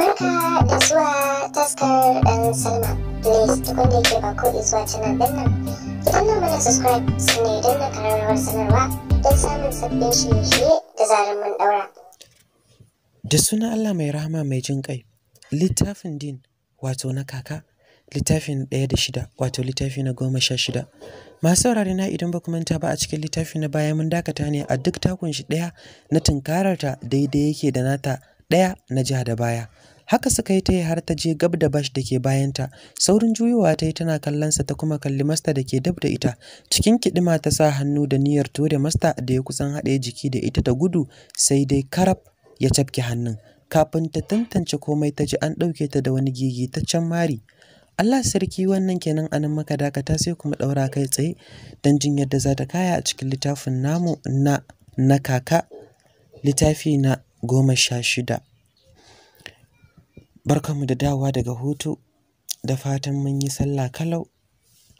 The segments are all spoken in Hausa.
barka da zuwa dan salma please duk wanda yake ba ko subscribe sannan don na sanarwa don samun sabbin shirye da allah mai rahama mai jin kai littafin din wato na kaka littafin ɗaya da shida wato littafi na goma sha shida masu saurare na idan ba ku manta ba a cikin littafi na baya mun dakata ne a duk takun shi ɗaya na tunkararta daidai yake da nata ɗaya na jiha da baya haka suka yi ta yi har ta je gab da bash da ke bayanta saurin juyowa ta yi tana kallonsa ta kuma kalli masta da ke dab da ita cikin kiɗima ta sa hannu da niyyar Tore masta da ya kusan haɗe jiki da ita ta gudu sai dai karab ya cafke hannun kafin ta tantance komai ta ji an ɗauke ta da wani gigi ta can mari Allah sarki wannan kenan anan maka dakata sai kuma ɗaura kai tsaye don jin yadda za ta kaya a cikin littafin namu na na kaka littafi na goma sha shida Barkanmu da dawa daga hutu da fatan mun yi sallah kalau.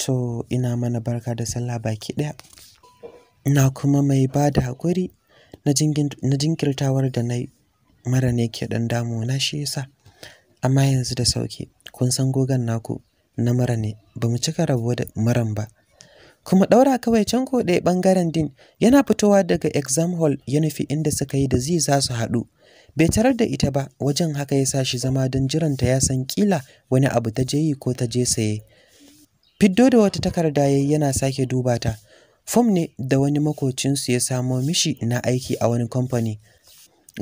To ina mana barka da sallah baki ɗaya. Ina kuma mai ba da haƙuri na jinkirtawar da na yi mara ne ke ɗan na shi yasa. Amma yanzu da sauki kun san gogan naku na mara ne ba mu cika rabuwa da maran ba. Kuma ɗaura kawai can ko ɗaya ɓangaren din yana fitowa daga exam hall ya nufi inda suka yi da zai za su haɗu. bai tarar da ita ba wajen haka ya sa shi zama don jiranta ya san kila wani abu ta je yi ko ta je saye fiddo da wata takarda yayi yana sake duba ta fom ne da wani makocinsu ya samo mishi na aiki a wani kamfani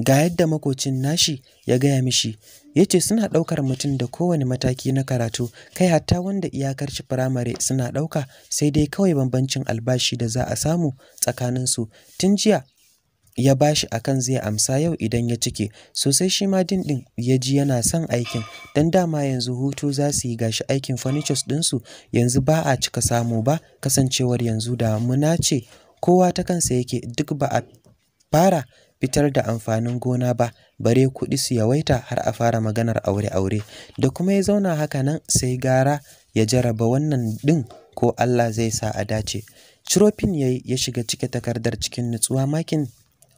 ga yadda makocin nashi ya gaya mishi ya ce suna ɗaukar mutum da kowane mataki na karatu kai hatta wanda iyakar shi firamare suna ɗauka sai dai kawai bambancin albashi da za a samu tsakaninsu tun jiya ya bashi akan zai amsa yau idan ya cike sosai shi ma din din ya ji yana son aikin dan dama yanzu hutu za su yi gashi aikin furnitures ɗinsu yanzu ba a cika samu ba kasancewar yanzu damuna ce kowa ta kansa yake duk ba a fara fitar da amfanin gona ba bare kuɗi su yawaita har a fara maganar aure-aure da kuma ya zauna haka nan sai gara ya jaraba wannan din ko Allah zai sa a dace. Chiropin yayi ya shiga cike takardar cikin nutsuwa makin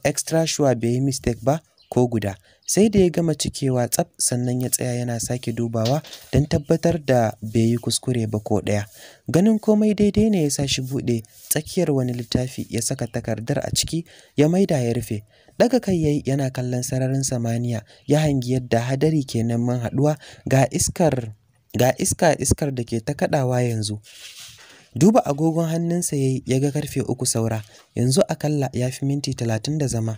extra sure bai yi mistake ba ko guda sai da ya gama cikewa tsaf sannan ya tsaya yana sake dubawa don tabbatar da bai yi kuskure ba ko ɗaya ganin komai daidai ne ya sa shi buɗe tsakiyar wani littafi ya saka takardar a ciki ya maida ya rufe daga kai yayi yana kallon sararin samaniya ya hangi yadda hadari kenan man haɗuwa ga iskar ga iska iskar da ke ta kaɗawa yanzu duba agogon hannunsa yayi ya ga karfe uku saura yanzu akalla ya fi minti talatin da zama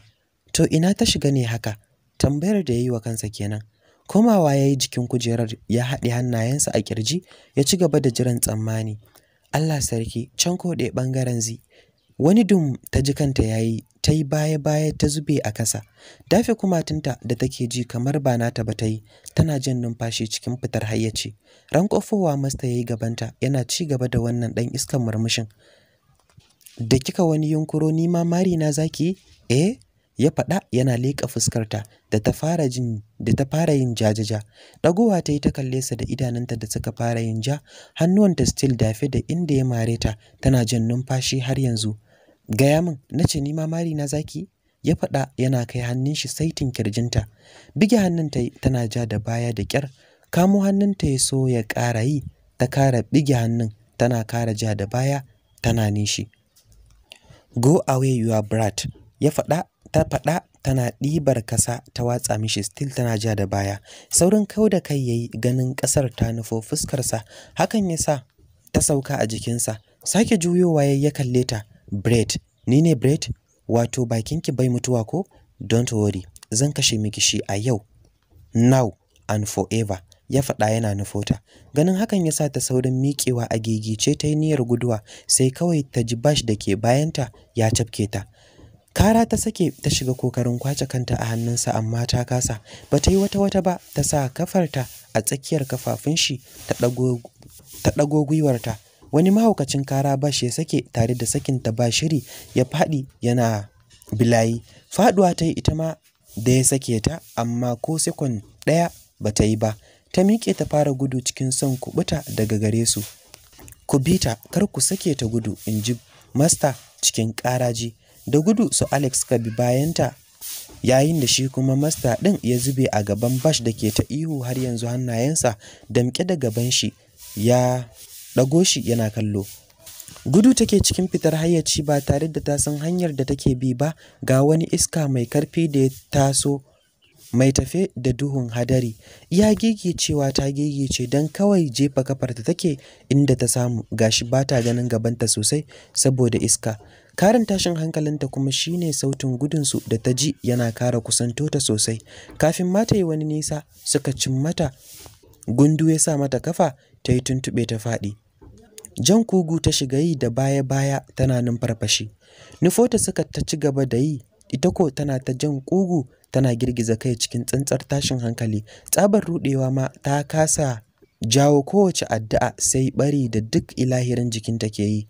to ina ta shiga ne haka tambayar da ya yi wa kansa kenan komawa ya yi jikin kujerar ya haɗe hannayensa a kirji ya ci gaba da jiran tsammani allah sarki can koɗe ɓangaren zi wani dum ta ji kanta ya yi ta yi baya-baya ta zube a ƙasa. Dafe kumatunta da take ji kamar ba nata ba ta yi, tana jin numfashi cikin fitar hayyaci. Rankofowa masta ya yi gabanta yana ci gaba da wannan ɗan iskar murmushin. Da kika wani yunkuro ni ma mari na zaki? Eh? Ya faɗa yana leƙa fuskarta da ta fara jin da ta fara yin jajaja. Ɗagowa ta yi ta kalle sa da idanunta da suka fara yin ja, Hannuwan hannuwanta still dafe da inda ya mare ta, tana jin numfashi har yanzu. Gaya min, na ce ni mari na zaki? Ya faɗa yana kai hannun shi saitin kirjinta. Bige hannun ta tana ja da baya da ƙyar. Kamo hannun ta ya so ya ƙara yi, ta kara bige hannun tana kara ja da baya tana nishi. Go away your brat. Ya faɗa ta faɗa tana ɗibar kasa ta watsa mishi still tana ja da baya. Saurin kau da kai yayi ganin ƙasar ta nufo fuskarsa, hakan ya sa ta sauka a jikinsa. Sake juyowa ya kalle ta, Bread, ni ne Bread? Wato bakinki bai mutuwa ko? Don't worry, zan kashe miki shi a yau. Now and forever, ya faɗa yana nufota. Ganin hakan ya sa ta saurin miƙewa a gigice ta yi niyyar guduwa, sai kawai ta ji bash da ke bayanta ya cafke ta. Kara ta sake ta shiga kokarin kwace kanta a hannunsa amma ta kasa. Ba ta yi wata wata ba ta sa kafarta a tsakiyar kafafun shi ta ɗago gwiwarta wani mahaukacin kara bashi ya sake tare da sakin ta ba shiri ya faɗi yana bilayi faɗuwa ta yi ita ma da ya sake ta amma ko sekon ɗaya ba ta yi ba ta miƙe ta fara gudu cikin son kubuta daga gare su ku bi ta kar ku sake ta gudu in ji masta cikin ƙaraji da gudu su alex ka bi bayanta yayin da shi kuma masta ɗin ya zube a gaban bash da ke ta ihu har yanzu hannayensa damƙe da gaban shi ya ɗago shi yana kallo gudu take cikin fitar hayyaci ba tare da ta san hanyar da take bi ba ga wani iska mai karfi da ya taso mai tafe da duhun hadari ya gege cewa ta gege ce don kawai jefa kafar kafarta take inda ta samu gashi ba ta ganin gabanta sosai saboda iska karin tashin hankalinta kuma shine sautin gudunsu da ta ji yana kara kusanto ta sosai kafin mata yi wani nisa suka cin mata gundu ya sa mata kafa ta yi tuntuɓe ta faɗi jan kugu ta shiga yi da baya-baya tana numfarfashi nufota suka ta ci gaba da yi ita ko tana ta jan kugu tana girgiza kai cikin tsantsar tashin hankali tsabar rudewa ma ta kasa jawo kowace addu'a sai bari da duk ilahirin jikinta ke yi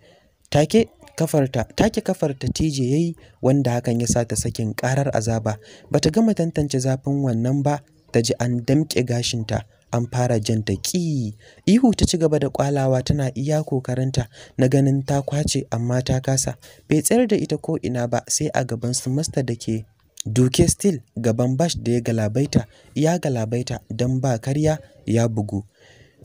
take kafarta take kafarta tije yayi wanda hakan ya sa ta sakin karar azaba bata gama tantance zafin wannan ba ta ji an damƙe gashinta an fara jan ta ƙi ihu ta ci gaba da kwalawa tana iya kokarinta na ganin ta kwace amma ta kasa bai tsayar da ita ko ina ba sai a gaban su masta da ke duke still gaban bash da ya galabaita ya galabaita don ba karya ya bugu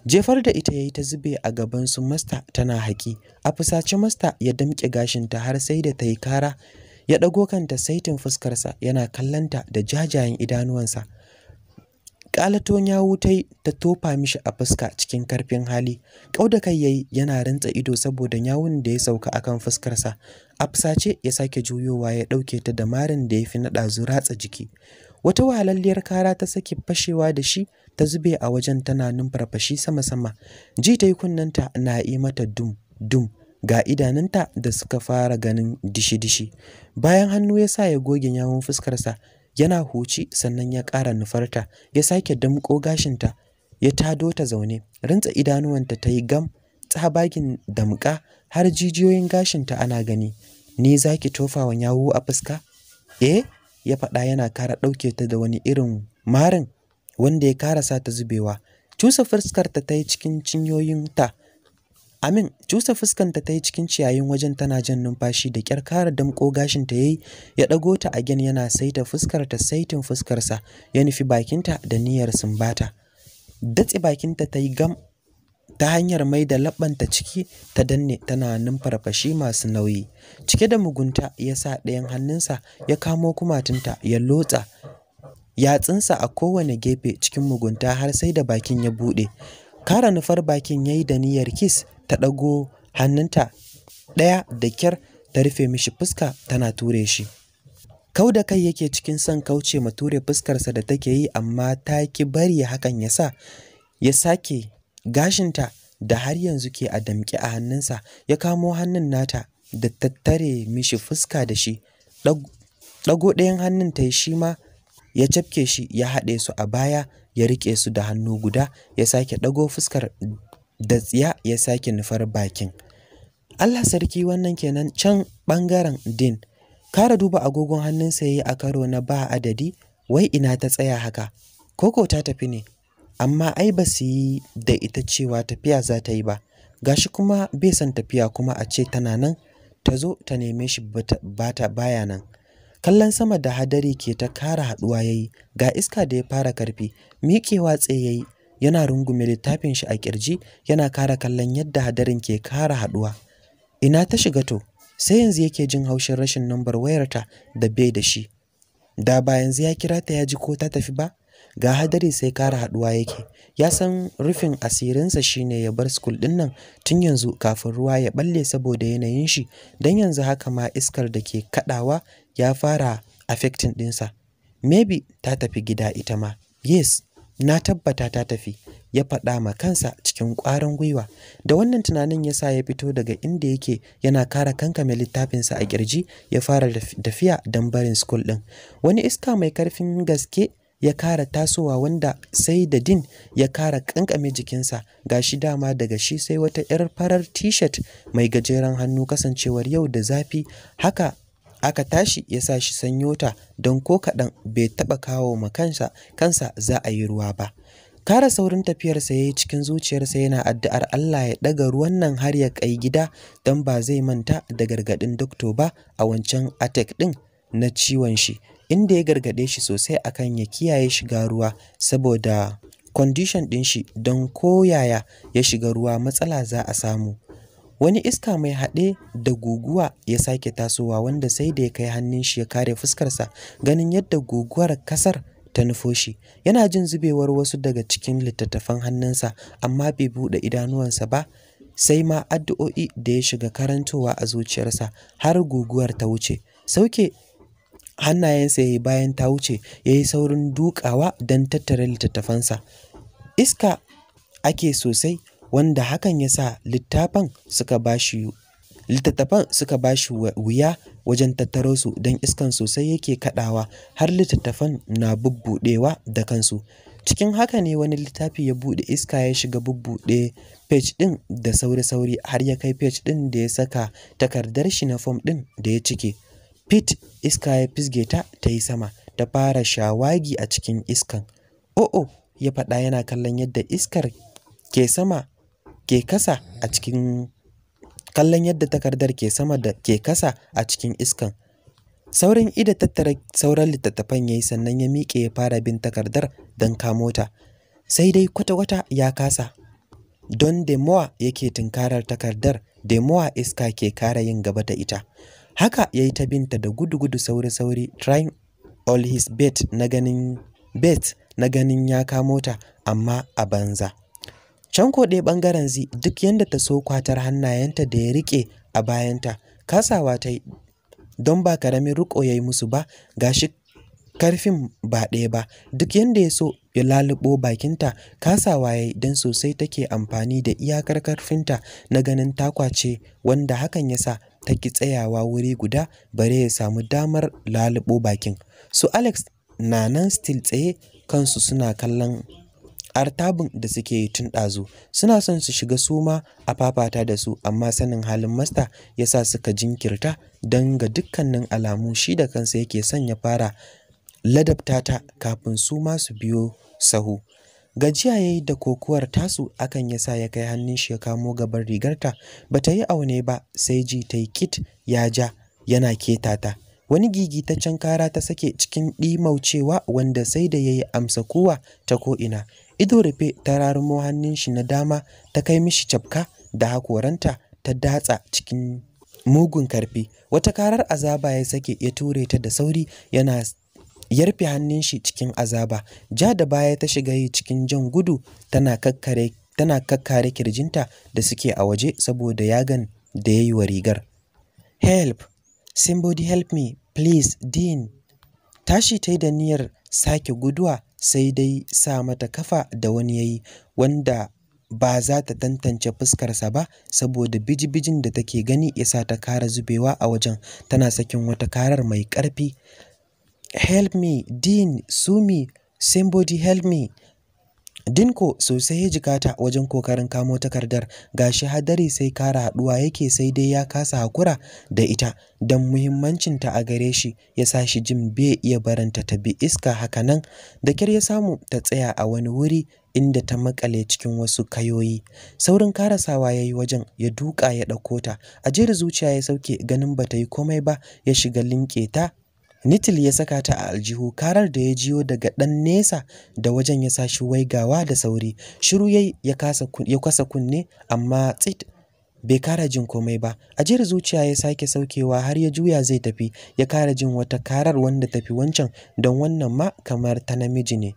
jefar da ita yayi ta zube a gaban su masta tana haƙi a fusace masta ya damƙe gashinta har sai da ta yi kara ya ɗago kanta saitin fuskarsa yana kallanta da jajayen idanuwansa Ƙalaton yawu ta ta tofa mishi a fuska cikin karfin hali. ƙaudakai kai ya yi yana rantsa ido saboda yawun da ya sauka akan fuskarsa. A fusace ya sake juyowa ya ɗauke ta da marin da ya fi naɗa zuratsa jiki. Wata wahalalliyar kara ta sake fashewa da shi ta zube a wajen tana numfarfashi sama-sama. Ji ta yi kunnanta na yi mata dum dum ga idanunta da suka fara ganin dishi-dishi. Bayan hannu ya sa ya goge yawun fuskarsa yana huci sannan ya ƙara nufarta ya sake damƙo gashinta ya tado ta zaune rantsa idanuwanta ta yi gam tsabagin damƙa har jijiyoyin gashinta ana gani ni zaki wa yawo a fuska eh ya faɗa yana kara ɗauke ta da wani irin marin wanda ya karasa ta zubewa cusa fuskarta ta yi cikin cinyoyinta Amin cusa fuskanta ta yi cikin ciyayin wajen tana jan numfashi da kyar kara damƙo gashinta ta yayi ya ɗago ta a gen yana saita fuskar ta saitin fuskarsa ya nufi bakinta da niyyar sumbata. Datse bakinta ta yi gam ta hanyar mai da labbanta ciki ta danne tana numfarfashi masu nauyi. Cike da mugunta ya sa ɗayan hannunsa ya kamo kumatunta ya lotsa ya tsinsa a kowane gefe cikin mugunta har sai da bakin ya buɗe. Kara nufar bakin ya yi da niyyar kis. ta ɗago hannunta ɗaya da kyar ta rufe mishi fuska tana ture shi. Kau da kai yake cikin son kauce ma ture fuskarsa da take yi amma ta ki bari hakan ya sa ya sake gashinta da har yanzu ke a damƙe a hannunsa ya kamo hannun nata da tattare mishi fuska da shi ɗago ɗayan hannun ta yi shi ma ya cafke shi ya haɗe su a baya ya riƙe su da hannu guda ya sake ɗago fuskar da tsiya ya sake nufar bakin Allah sarki wannan kenan can bangaren din kara duba agogon hannunsa ya yi a karo na ba adadi wai ina ta tsaya haka koko ta tafi ne amma ai ba su yi da ita cewa tafiya za ta yi ba gashi kuma bai san tafiya kuma a ce tana nan ta zo ta neme shi ba ta baya nan kallon sama da hadari ke ta kara haduwa yi, ga iska da ya fara karfi miƙewa tsaye yi. yana rungume littafin shi a kirji yana kara kallon yadda hadarin ke kara haduwa ina ta shiga to sai yanzu yake jin haushin rashin nambar wayarta da bai da shi da ba yanzu ya kira ta ya ji ko ta tafi ba ga hadari sai kara haduwa yake ya san rufin asirinsa shine ya bar school din nan tun yanzu kafin ruwa ya balle saboda yanayin shi dan yanzu haka ma iskar da ke kadawa ya fara affecting dinsa maybe ta tafi gida ita ma yes na tabbata ta tafi ya faɗa ma kansa cikin ƙwarin gwiwa da wannan tunanin ya sa ya fito daga inda yake yana kara kankame littafinsa a ƙirji, ya fara tafiya don barin skul ɗin wani iska mai karfin gaske ya kara tasowa wanda sai da din ya kara kankame jikinsa gashi dama daga shi sai wata 'yar farar t-shirt mai gajeren hannu kasancewar yau da zafi haka aka tashi ya sa shi sanyota don ko kaɗan bai taɓa kawo ma kansa kansa za a yi ruwa ba kara saurin tafiyarsa ya yi cikin zuciyarsa yana addu'ar Allah ya ɗaga ruwan nan har ya kai gida don ba zai manta da gargaɗin dokto ba a wancan atek ɗin na ciwon shi inda ya gargaɗe shi sosai akan ya kiyaye shiga ruwa saboda kwandishan ɗin shi don koyaya ya shiga ruwa matsala za a samu wani iska mai haɗe da guguwa ya sake tasowa wanda sai da ya kai hannun shi ya kare fuskarsa ganin yadda guguwar kasar ta nufo shi yana jin zubewar wasu daga cikin littattafan hannunsa amma bai buɗe idanuwansa ba sai ma addu'o'i da ya shiga karantowa a zuciyarsa har guguwar ta wuce sauke hannayensa ya yi bayan ta wuce ya yi saurin dukawa don tattara littattafansa iska ake sosai wanda hakan ya sa littafan suka ba shi littattafan suka ba shi wuya wajen tattaro su don iskan sosai yake kadawa har littattafan na bubbudewa da kansu cikin haka ne wani littafi ya bude iska ya shiga bubbude page din da sauri-sauri har ya kai page din da ya saka takardar shi na form din da ya cike pit iska ya fisge ta ta yi sama ta fara shawagi a cikin iskan o'o ya faɗa yana kallon yadda iskar ke sama ke kasa a cikin kallon yadda takardar ke sama da ke kasa a cikin iskan saurin ida tattara sauran littattafan ya yi sannan ya miƙe ya fara bin takardar don kamo ta sai dai kwata-kwata ya kasa don demowa yake tunkarar takardar demowa iska ke kara yin gaba da ita haka ya yi ta binta da gudu-gudu sauri-sauri trying all his bet na ganin bet na ganin ya kamo ta amma a banza Can ko ɗaya ɓangaren zi duk yadda ta so kwatar hannayenta da ya riƙe a bayanta, kasawa ta yi don ba karamin riƙo ya yi musu ba ga shi karfin ba ɗaya ba duk yadda ya so ya lalubo bakinta kasawa ya yi don sosai take amfani da iyakar karfinta na ganin takwace wanda hakan ya sa ta ki tsayawa wuri guda bare ya samu damar lalubo bakin su alex na nan still tsaye kansu suna kallon artabin da suke yi tun ɗazu suna son su shiga suma a fafata da su amma sanin halin masta ya sa suka jinkirta don ga dukkanin alamu shi da kansa yake son ya fara ladabta ta kafin su ma su biyo sahu gajiya ya yi da kokuwar tasu akan ya sa ya kai hannun shi ya kamo gaban rigarta ba ta yi aune ba sai ji ta yi kit ya ja yana keta ta. wani can kara ta sake cikin ɗimaucewa wanda sai da ya yi amsa kowa ta ko'ina ido rufe ta rarumo hannun shi na dama ta kai mishi cafka da hakoranta ta datsa cikin mugun karfi wata karar azaba ya sake ya ture ta da sauri yana yarfe hannun shi cikin azaba ja da baya ta shiga yi cikin jan gudu tana kakkare tana kirjinta da suke a waje saboda yagan da ya yi wa rigar help somebody help me please dean tashi ta yi da niyyar sake guduwa sai dai sa mata kafa da wani yayi wanda ba za ta tantance fuskarsa ba saboda bijibijin da take gani ya sa ta kara zubewa a wajen tana sakin wata karar mai ƙarfi help me dean sumi somebody help me Dinko sosai ya jikata wajen kokarin kamo takardar gashi hadari sai kara haduwa yake sai dai ya kasa hakura da ita don muhimmancinta a gare shi ya sa shi jin bai iya baranta ta bi iska haka nan. da kyar ya samu ta tsaya a wani wuri inda ta makale cikin wasu kayoyi saurin karasawa yayi wajen ya duka ya dauko ta a zuciya ya sauke ganin bata yi komai ba ya shiga linke ta nitil ya saka ta a aljihu karar da ya jiyo daga ɗan nesa da wajen ya sa sashi gawa da sauri shiru ya kwasa kunne amma tsit bai kara jin komai ba ajiyar zuciya ya sake saukewa har ya juya zai tafi ya kara jin wata karar wanda tafi wancan don wannan ma kamar ta namiji ne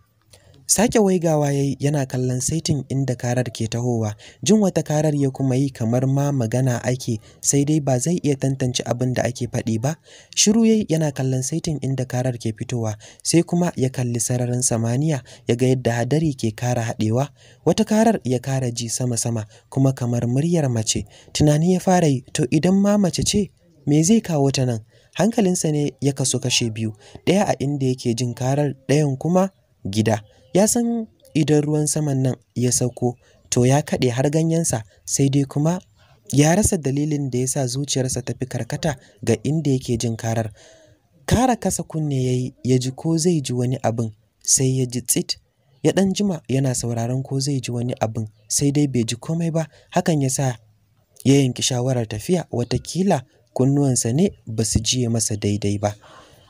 Sake waigawa ya yana kallon saitin inda karar ke tahowa, jin wata karar ya kuma yi kamar ma magana ake sai dai ba zai iya tantance abin da ake faɗi ba. Shiru ya yana kallon saitin inda karar ke fitowa, sai kuma ya kalli sararin samaniya ya ga yadda hadari ke kara haɗewa. Wata karar ya kara ji sama-sama kuma kamar muryar mace. Tunani ya fara yi, to idan ma mace ce, me zai kawo ta nan? Hankalinsa ne ya kaso kashe biyu, ɗaya a inda yake jin karar, ɗayan kuma gida. ya san idan ruwan saman nan ya sauko to ya kaɗe har ganyensa sai dai kuma ya rasa dalilin da ya sa zuciyarsa ta fi karkata ga inda yake jin karar kara kasa kunne ya yi ya ji ko zai ji wani abin sai ya ji tsit ya ɗan jima yana sauraron ko zai ji wani abin sai dai bai ji komai ba hakan ya sa ya yanki shawarar tafiya watakila kunnuwansa ne ba su jiye masa daidai ba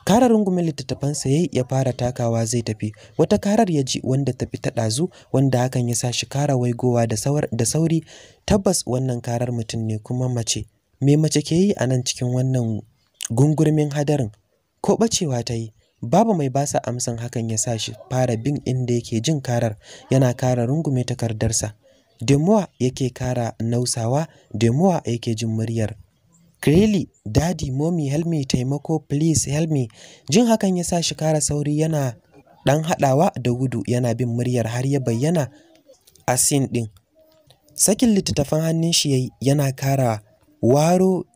Karar rungumin littattafan saye ya fara takawa zai tafi. Wata karar ya ji wanda tafi ta ɗazu wanda hakan ya sa shi kara waigowa da sauri. Tabbas wannan karar mutum ne kuma mace. Me mace ke yi a nan cikin wannan gungurmin hadarin? Ko ɓacewa ta yi? Babu mai basa amsan hakan ya sa shi fara bin inda yake jin karar yana kara rungume takardarsa. Demuwa yake kara nausawa, Demuwa yake jin muryar Kreli, dadi, Mommy, help taimako, please, helmi Jin hakan ya sa shi kara sauri yana ɗan haɗawa da gudu yana bin muryar har ya bayyana a sin ɗin. Sakin littattafan hannun shi yana kara waro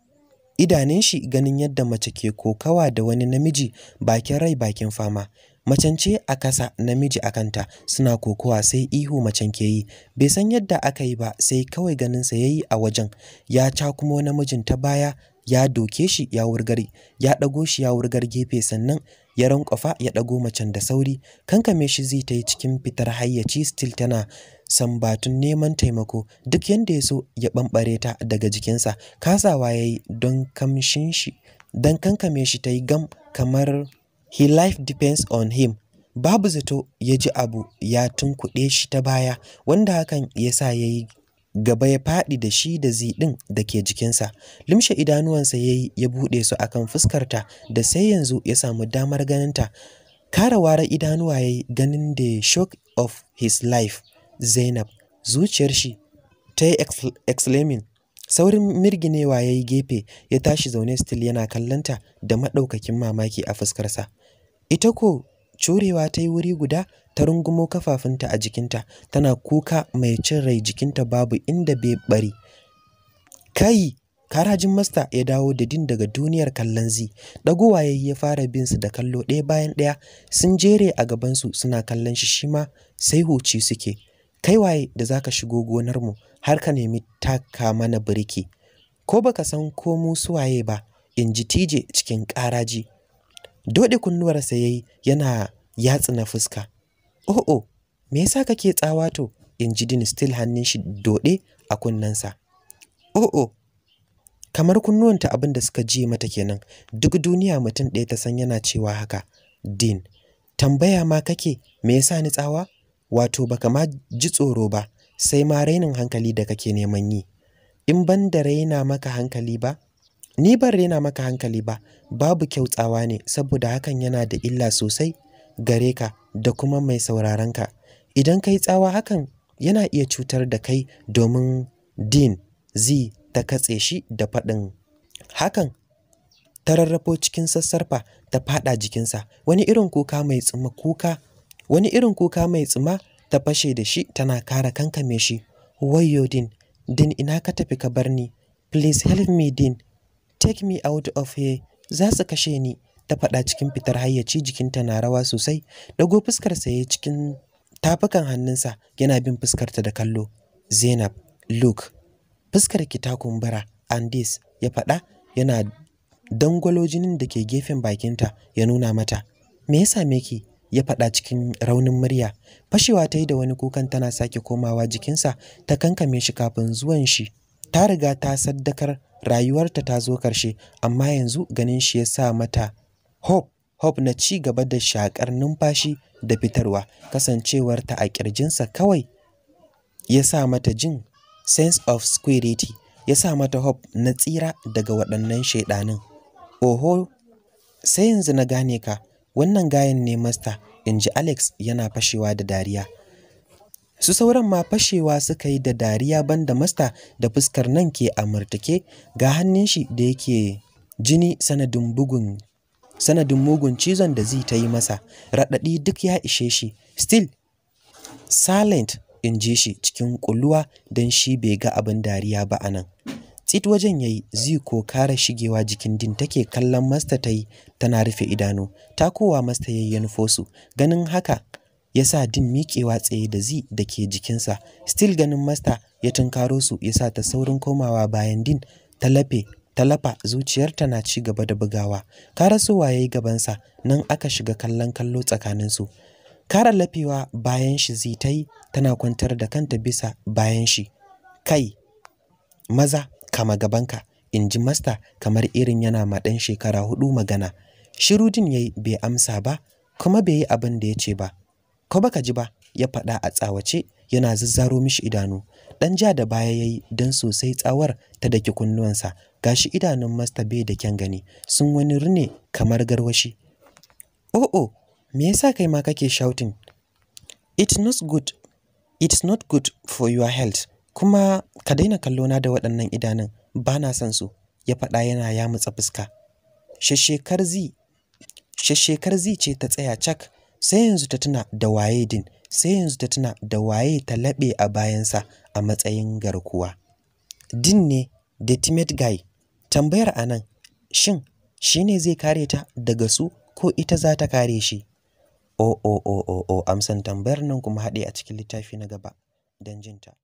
idanun shi ganin yadda mace ke kokawa da wani namiji bakin rai bakin fama. Macen ce a kasa namiji a kanta suna kokowa sai ihu macen ke yi bai san yadda aka yi ba sai kawai ganin sa yayi a wajen ya ca kuma namijin ta baya ya doke shi ya wurgare ya dago shi ya wurgar gefe sannan ya rankwafa ya ɗago macen da sauri kankame shi zai ta yi cikin fitar hayyaci still tana sambatun neman taimako duk yadda ya so ya ɓamɓare ta daga jikinsa kasawa yayi don kamshin shi don kankame shi ta yi gam kamar he life depends on him. Babu zato ya ji abu ya tunkuɗe shi ta baya wanda hakan ya sa ya yi gaba ya faɗi da shi da ziɗin da ke jikinsa. Limshe idanuwansa ya yi ya buɗe su akan fuskarta da sai yanzu ya samu damar ganinta. Kara ware idanuwa ya yi ganin da shock of his life. Zainab, zuciyar shi ta yi exclaiming saurin mirginewa ya yi gefe ya tashi zaune still yana kallonta da maɗaukakin mamaki a fuskarsa ita ko curewa ta yi wuri guda ta rungumo kafafunta a jikinta tana kuka mai cin rai jikinta babu inda bai bari kai karajin masta ya dawo da din daga duniyar kallon zi ɗaguwa ya ya fara bin su da kallo ɗaya bayan ɗaya sun jere a gabansu suna kallon shi shima sai huci suke kai waye da za ka shigo gonarmu har ka nemi taka mana birki ko baka san ko mu suwaye ba in ji tije cikin ƙaraji dode kunnuwarsa yayi yana yatsu na fuska oh oh me yasa kake tsawa to in ji din still hannun shi dode a kunnensa oh oh kamar kunnuwanta abin da suka ji mata kenan duk duniya mutum ɗaya ta san yana cewa haka din tambaya ma kake me yasa ni tsawa wato baka ma ji tsoro ba sai ma rainin hankali da kake neman yi in ban da raina maka hankali ba ni ban raina maka hankali ba babu kyautsawa ne saboda hakan yana da illa sosai gare ka da kuma mai sauraron ka idan kai tsawa hakan yana iya cutar da kai domin din zi ta katse shi da faɗin hakan ta rarrafo cikin sassarfa ta faɗa jikinsa wani irin kuka mai tsuma kuka wani irin kuka mai tsima ta fashe da shi tana kara kankame shi wayyo din din ina ka tafi ka bar ni please help me din take me out of here za su kashe ni ta faɗa cikin fitar hayyaci jikinta na rawa sosai dago fuskar saye cikin tafukan hannunsa yana bin fuskarta da kallo zainab luke fuskar ki ta kumbura andis ya faɗa yana dangwalo jinin da ke gefen bakinta ya nuna mata me ya same ki ya faɗa cikin raunin murya fashewa ta yi da wani kukan tana sake komawa jikinsa ta kankame shi kafin zuwan shi ta riga ta saddakar rayuwarta ta zo karshe, amma yanzu ganin shi ya sa mata hope hope na ci gaba da shakar numfashi da fitarwa kasancewarta a ƙirjinsa kawai ya sa mata jin sense of security ya sa mata hope na tsira daga waɗannan shaiɗanin oho sai yanzu na gane ka Wannan gayan ne masta, in ji Alex yana fashewa da dariya. Su sauran ma fashewa suka yi da dariya banda masta da fuskar nan ke amurtake ga hannun shi da yake jini sanadin bugun sanadin mugun cizon da zai ta yi masa raɗaɗi duk ya ishe shi still silent in ji shi cikin ƙuluwa, don shi bai ga abin dariya ba a nan tsit wajen yayi ko kara shigewa jikin din take kallon masta yi tana rufe idanu ta kowa masta yi su ganin haka ya sa din miƙewa tsaye da zi da ke jikinsa still ganin masta ya tunkaro su ya sa ta saurin komawa bayan din ta lafe talafa zuciyarta na ci gaba da bugawa kara karasowa yayi gabansa nan aka shiga kallon kallo tsakaninsu kara lafewa bayan shi ta zi yi tana kwantar da kanta bisa bayan shi kai maza kama gabanka in ji masta kamar irin yana maɗan shekara hudu magana shirudin ya yi bai amsa ba kuma bai yi abin da ya ce ba ko baka ji ba ya faɗa a tsawace yana zazzaro mishi idanu Dan ja da baya ya yi don sosai tsawar ta daki kunnuwansa ga shi idanun masta bai da kyan gani sun wani rune kamar garwashi oh oh me yasa kai ma kake shouting it's not good it's not good for your health kuma ka daina kallona da waɗannan idanun ba na son su ya faɗa yana yamutsa fuska shashekar zi ce ta tsaya cak sai yanzu ta tuna da waye din sai yanzu ta tuna da waye ta laɓe a bayansa a matsayin garkuwa din ne da timid guy tambayar a nan, shin shi ne zai kare ta daga su ko ita za ta kare shi o oh, o oh, o oh, o amsan tambayar nan kuma haɗe a cikin littafi na gaba don jinta